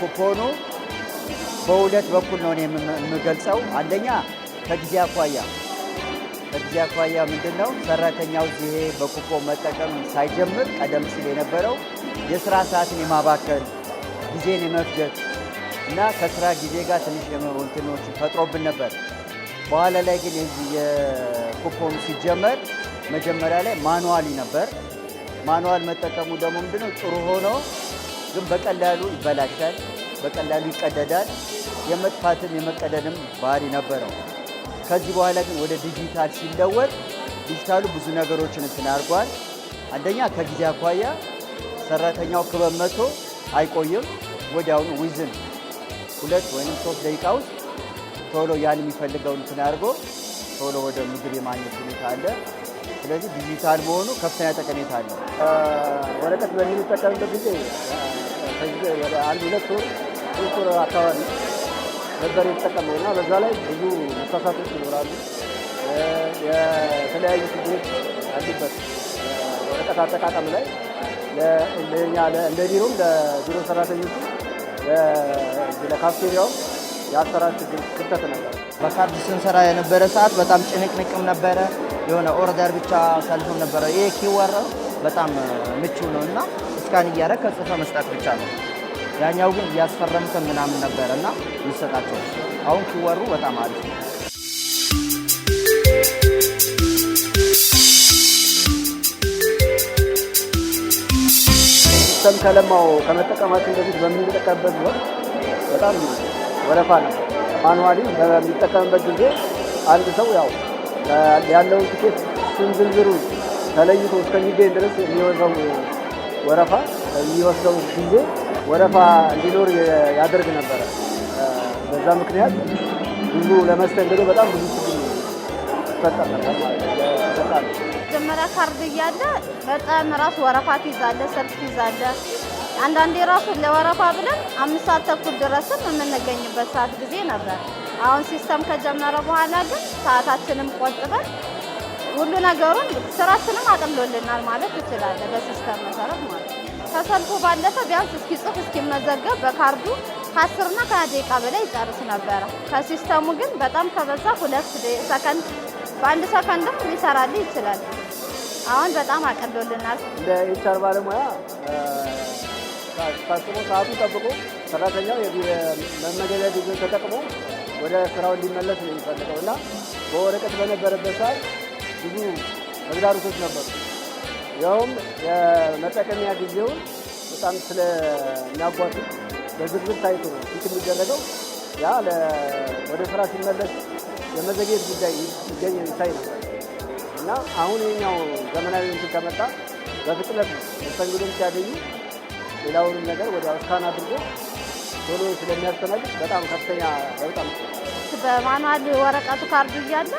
ኩፖኑ በሁለት በኩል ነው እኔ የምገልጸው። አንደኛ ከጊዜ አኳያ ከጊዜ አኳያ ምንድን ነው ሰራተኛው ይሄ በኩፖን መጠቀም ሳይጀምር ቀደም ሲል የነበረው የስራ ሰዓትን የማባከል ጊዜን የመፍጀት እና ከስራ ጊዜ ጋር ትንሽ የመንትኖች ፈጥሮብን ነበር። በኋላ ላይ ግን የዚህ የኩፖኑ ሲጀመር መጀመሪያ ላይ ማኑዋሊ ነበር። ማኑዋል መጠቀሙ ደግሞ ምንድነው ጥሩ ሆኖ ግን በቀላሉ ይበላሻል፣ በቀላሉ ይቀደዳል። የመጥፋትም የመቀደድም ባህሪ ነበረው። ከዚህ በኋላ ግን ወደ ዲጂታል ሲለወጥ ዲጂታሉ ብዙ ነገሮችን እንትን አድርጓል። አንደኛ ከጊዜ አኳያ ሰራተኛው ክበብ መቶ አይቆይም። ወዲያውኑ ዊዝን ሁለት ወይም ሶስት ደቂቃ ውስጥ ቶሎ ያን የሚፈልገውን እንትን አድርጎ ቶሎ ወደ ምግብ የማግኘት ሁኔታ አለ። ስለዚህ ዲጂታል መሆኑ ከፍተኛ ጠቀሜታ አለው። ወረቀት በምንጠቀምበት ጊዜ ከዚህ ወደ አንድ ሁለት ወር ሶስት ወር አካባቢ ነበር የተጠቀመው እና በዛ ላይ ብዙ መሳሳቶች ይኖራሉ። የተለያዩ ችግሮች አሉበት። ወረቀት አጠቃቀም ላይ ለእኛ እንደ ቢሮም ለቢሮ ሰራተኞቹ ለካፍቴሪያውም የአሰራር ችግር ክፍተት ነበር። በካርድ ስንሰራ የነበረ ሰዓት በጣም ጭንቅንቅም ነበረ። የሆነ ኦርደር ብቻ ሰልፍም ነበረ። ይሄ ኪወር በጣም ምቹ ነው እና ስካን እያደረግ ከጽፈ መስጠት ብቻ ነው። ያኛው ግን እያስፈረምከ ምናምን ነበርና እና ይሰጣቸው። አሁን ኪወሩ በጣም አሪፍ ነው። ሰም ከለማው ከመጠቀማችን በፊት በምንጠቀምበት ወቅት በጣም ወረፋ ነው። ማኑዋሊ በሚጠቀምበት ጊዜ አንድ ሰው ያው ያለውን ቲኬት ስንዝርዝሩ ተለይቶ እስከሚገኝ ድረስ የሚወዘው ወረፋ የሚወስደው ጊዜ ወረፋ እንዲኖር ያደርግ ነበረ። በዛ ምክንያት ብዙ ለመስተንግዶ በጣም ብዙ ችግር ይፈጠር ነበር ማለት ነው። መጀመሪያ ካርድ እያለ በጣም ራሱ ወረፋ ትይዛለህ፣ ሰልፍ ትይዛለህ። አንዳንዴ ራሱ ለወረፋ ብለን አምስት ሰዓት ተኩል ድረስም የምንገኝበት ሰዓት ጊዜ ነበር። አሁን ሲስተም ከጀመረ በኋላ ግን ሰዓታችንም ቆጥበን ሁሉ ነገሩን ስራችንም አቅሎልናል ማለት ይችላል። በሲስተም መሰረት ማለት ከሰልፉ ባለፈ ቢያንስ እስኪጽፍ እስኪመዘገብ በካርዱ ከአስርና ከሃያ ደቂቃ በላይ ይጨርስ ነበረ። ከሲስተሙ ግን በጣም ከበዛ ሁለት ሰከንድ በአንድ ሰከንድም ሊሰራልህ ይችላል። አሁን በጣም አቅሎልናል። እንደ ኤችአር ባለሙያ ፈጽሞ ሰዓቱን ጠብቆ ሰራተኛው የመመገቢያ ጊዜ ተጠቅሞ ወደ ስራው እንዲመለስ ነው የሚፈልገው እና በወረቀት በነበረበት ሰዓት ብዙ ተግዳሮቶች ነበሩ። ያውም የመጠቀሚያ ጊዜውን በጣም ስለሚያጓት በዝርዝር ታይቶ ነው ፊት የሚደረገው። ያ ወደ ስራ ሲመለስ የመዘግየት ጉዳይ ይገኝ ይታይ ነው እና አሁን የኛው ዘመናዊ እንትን ከመጣ በፍጥነት ነው መስተንግዶም ሲያገኙ ሌላውን ነገር ወደ ውሳን አድርጎ ቶሎ ስለሚያስተናግድ በጣም ከፍተኛ ለውጥ በማኑዋል ወረቀቱ ካርዱ እያለ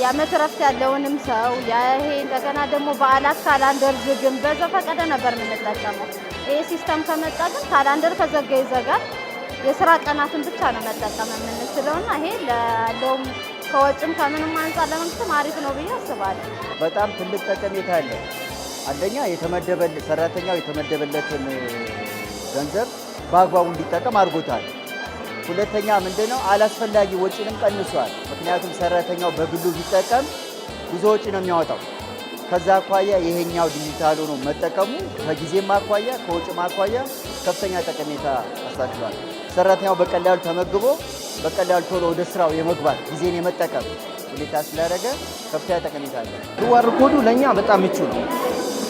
የአመት እረፍት ያለውንም ሰው ይሄ እንደገና ደግሞ በዓላት ካላንደር ዝግም በዘፈቀደ ነበር የምንጠቀመው። ይሄ ሲስተም ከመጣ ግን ካላንደር ከዘጋ ይዘጋል። የስራ ቀናትን ብቻ ነው መጠቀም የምንችለው እና ይሄ ለለውም ከወጭም ከምንም አንጻር ለመንግስትም አሪፍ ነው ብዬ አስባለሁ። በጣም ትልቅ ጠቀሜታ አለ። አንደኛ የተመደበ ሰራተኛው የተመደበለትን ገንዘብ በአግባቡ እንዲጠቀም አድርጎታል። ሁለተኛ ምንድነው አላስፈላጊ ወጪንም ቀንሷል። ምክንያቱም ሰራተኛው በግሉ ቢጠቀም ብዙ ወጪ ነው የሚያወጣው። ከዛ አኳያ ይሄኛው ዲጂታል ነው መጠቀሙ ከጊዜም አኳያ ከወጪም አኳያ ከፍተኛ ጠቀሜታ አሳክሏል። ሰራተኛው በቀላሉ ተመግቦ በቀላሉ ቶሎ ወደ ስራው የመግባት ጊዜን የመጠቀም ሁኔታ ስላደረገ ከፍተኛ ጠቀሜታ አለ። ዋር ኮዱ ለእኛ በጣም ምቹ ነው።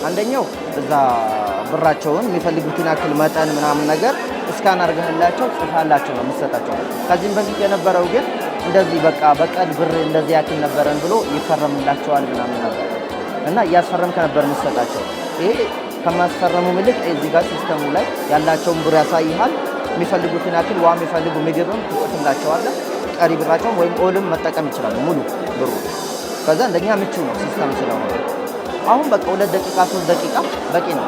አንደኛው እዛ ብራቸውን የሚፈልጉትን ያክል መጠን ምናምን ነገር እስካን አርገህላቸው ጽፋላቸው ነው የምትሰጣቸው። ከዚህም በፊት የነበረው ግን እንደዚህ በቃ በቀን ብር እንደዚህ ያክል ነበረን ብሎ ይፈረምላቸዋል ምናምን ነበር እና እያስፈረምከ ነበር የምትሰጣቸው። ይሄ ከማስፈረሙ ምልክ እዚህ ጋር ሲስተሙ ላይ ያላቸውን ብር ያሳይሃል። የሚፈልጉትን ያክል ውሃ፣ የሚፈልጉ ምግብም ትጽፍላቸዋለህ። ቀሪ ብራቸውን ወይም ኦልም መጠቀም ይችላሉ ሙሉ ብሩ። ከዛ እንደኛ ምቹ ነው ሲስተም ስለሆነ አሁን በቃ ሁለት ደቂቃ ሶስት ደቂቃ በቂ ነው።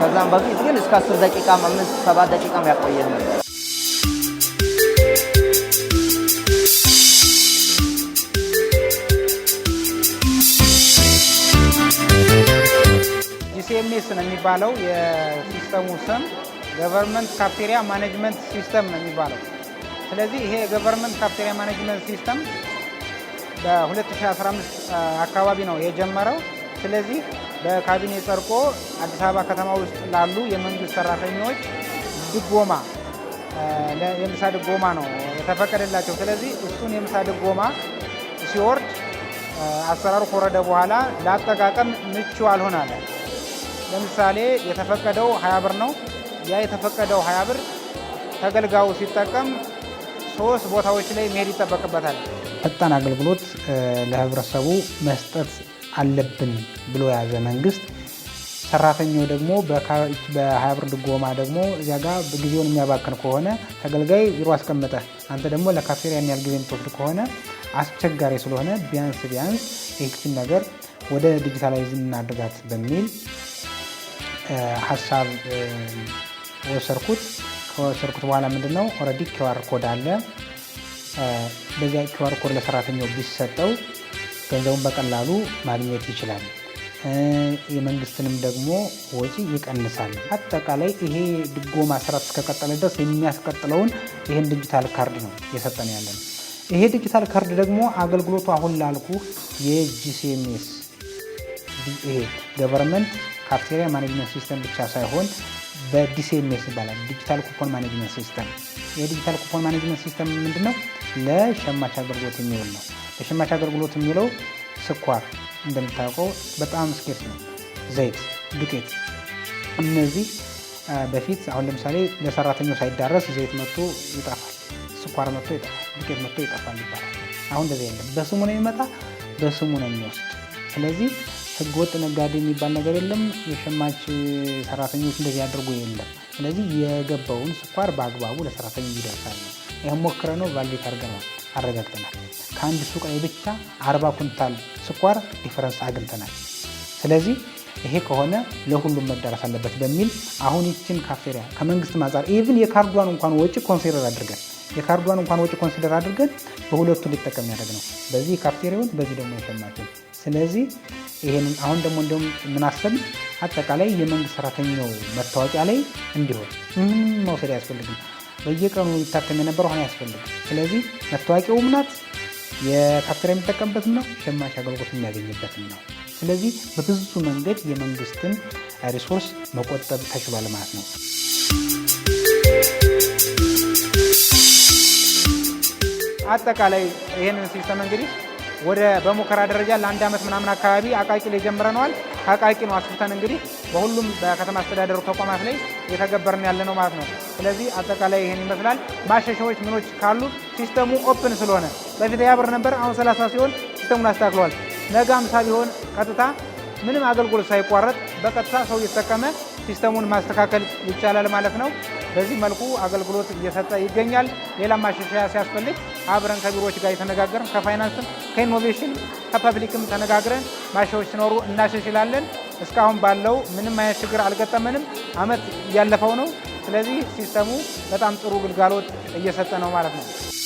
ከዛም በፊት ግን እስከ አስር ደቂቃ አምስት ሰባት ደቂቃም ያቆየን ነበር። ጂሲኤምኤስ ነው የሚባለው የሲስተሙ ስም፣ ገቨርንመንት ካፍቴሪያ ማኔጅመንት ሲስተም ነው የሚባለው። ስለዚህ ይሄ የገቨርንመንት ካፍቴሪያ ማኔጅመንት ሲስተም በ2015 አካባቢ ነው የጀመረው። ስለዚህ በካቢኔ ጸድቆ አዲስ አበባ ከተማ ውስጥ ላሉ የመንግስት ሰራተኞች ድጎማ የምሳ ድጎማ ነው የተፈቀደላቸው። ስለዚህ እሱን የምሳ ድጎማ ሲወርድ አሰራሩ ከወረደ በኋላ ለአጠቃቀም ምቹ አልሆናለ። ለምሳሌ የተፈቀደው ሀያ ብር ነው። ያ የተፈቀደው ሀያ ብር ተገልጋዩ ሲጠቀም ሶስት ቦታዎች ላይ መሄድ ይጠበቅበታል። ፈጣን አገልግሎት ለህብረተሰቡ መስጠት አለብን ብሎ የያዘ መንግስት ሰራተኛው ደግሞ በሀብር ድጎማ ደግሞ እዚያ ጋር ጊዜውን የሚያባክን ከሆነ ተገልጋይ ቢሮ አስቀምጠ አንተ ደግሞ ለካፌሪያ ያን ያህል ጊዜ የምትወስድ ከሆነ አስቸጋሪ ስለሆነ ቢያንስ ቢያንስ ይህችን ነገር ወደ ዲጂታላይዝ እናድርጋት በሚል ሀሳብ ወሰርኩት። ከወሰርኩት በኋላ ምንድን ነው ኦልሬዲ ኪዋር ኮድ አለ። በዚያ ኪዋር ኮድ ለሰራተኛው ቢሰጠው ገንዘቡን በቀላሉ ማግኘት ይችላል። የመንግስትንም ደግሞ ወጪ ይቀንሳል። አጠቃላይ ይሄ ድጎማ ስርዓት እስከቀጠለ ድረስ የሚያስቀጥለውን ይህን ዲጂታል ካርድ ነው እየሰጠን ያለን። ይሄ ዲጂታል ካርድ ደግሞ አገልግሎቱ አሁን ላልኩ የጂሲኤምኤስ ይሄ ገቨርንመንት ካፍቴሪያ ማኔጅመንት ሲስተም ብቻ ሳይሆን በዲሲኤምኤስ ይባላል፣ ዲጂታል ኩፖን ማኔጅመንት ሲስተም። ይሄ ዲጂታል ኩፖን ማኔጅመንት ሲስተም ምንድነው? ለሸማች አገልግሎት የሚውል ነው። የሸማች አገልግሎት የሚለው ስኳር እንደምታውቀው በጣም ስኬት ነው። ዘይት፣ ዱቄት እነዚህ በፊት አሁን ለምሳሌ ለሰራተኛው ሳይዳረስ ዘይት መጥቶ ይጠፋል፣ ስኳር መጥቶ ይጠፋል፣ ዱቄት መጥቶ ይጠፋል ይባላል። አሁን እንደዚህ የለም። በስሙ ነው የሚመጣ፣ በስሙ ነው የሚወስድ። ስለዚህ ህገወጥ ነጋዴ የሚባል ነገር የለም። የሸማች ሰራተኞች እንደዚህ ያደርጉ የለም። ስለዚህ የገባውን ስኳር በአግባቡ ለሰራተኛ ይደርሳል። ሞክረ ነው ቫሊዴት አድርገናል፣ አረጋግጠናል። ከአንድ ሱቅ ላይ ብቻ አርባ ኩንታል ስኳር ዲፈረንስ አግኝተናል። ስለዚህ ይሄ ከሆነ ለሁሉም መዳረስ አለበት በሚል አሁን ይችን ካፌሪያ ከመንግስት ማጻር ኢቭን የካርዷን እንኳን ወጪ ኮንሲደር አድርገን የካርዷን እንኳን ወጪ ኮንሲደር አድርገን በሁለቱ ሊጠቀም ያደግ ነው። በዚህ ካፍቴሪያውን በዚህ ደግሞ የሸማችን። ስለዚህ ይሄንን አሁን ደግሞ እንዲሁም ምናሰብ አጠቃላይ የመንግስት ሰራተኛው መታወቂያ ላይ እንዲሆን ምንም መውሰድ አያስፈልግም። በየቀኑ የሚታተም የነበረ አሁን ያስፈልግ። ስለዚህ መታወቂያውም ናት የካፍቴሪያ የሚጠቀምበትም ነው፣ ሸማች አገልግሎት የሚያገኝበትም ነው። ስለዚህ በብዙ መንገድ የመንግስትን ሪሶርስ መቆጠብ ተችሏል ማለት ነው። አጠቃላይ ይህንን ሲስተም እንግዲህ ወደ በሙከራ ደረጃ ለአንድ ዓመት ምናምን አካባቢ አቃቂ ላይ ጀምረነዋል። አቃቂ ነው አስፍተን እንግዲህ በሁሉም በከተማ አስተዳደሩ ተቋማት ላይ የተገበርን ያለ ነው ማለት ነው። ስለዚህ አጠቃላይ ይህን ይመስላል። ማሻሻዎች ምኖች ካሉ ሲስተሙ ኦፕን ስለሆነ በፊት ያብር ነበር፣ አሁን ሰላሳ ሲሆን ሲስተሙን አስተካክሏል። ነገ አምሳ ቢሆን ቀጥታ ምንም አገልግሎት ሳይቋረጥ በቀጥታ ሰው እየተጠቀመ ሲስተሙን ማስተካከል ይቻላል ማለት ነው። በዚህ መልኩ አገልግሎት እየሰጠ ይገኛል። ሌላ ማሻሻያ ሲያስፈልግ አብረን ከቢሮዎች ጋር የተነጋገርን ከፋይናንስም ከኢኖቬሽን ከፐብሊክም ተነጋግረን ማሻዎች ሲኖሩ እናሻሽላለን። እስካሁን ባለው ምንም አይነት ችግር አልገጠመንም። አመት እያለፈው ነው። ስለዚህ ሲስተሙ በጣም ጥሩ ግልጋሎት እየሰጠ ነው ማለት ነው።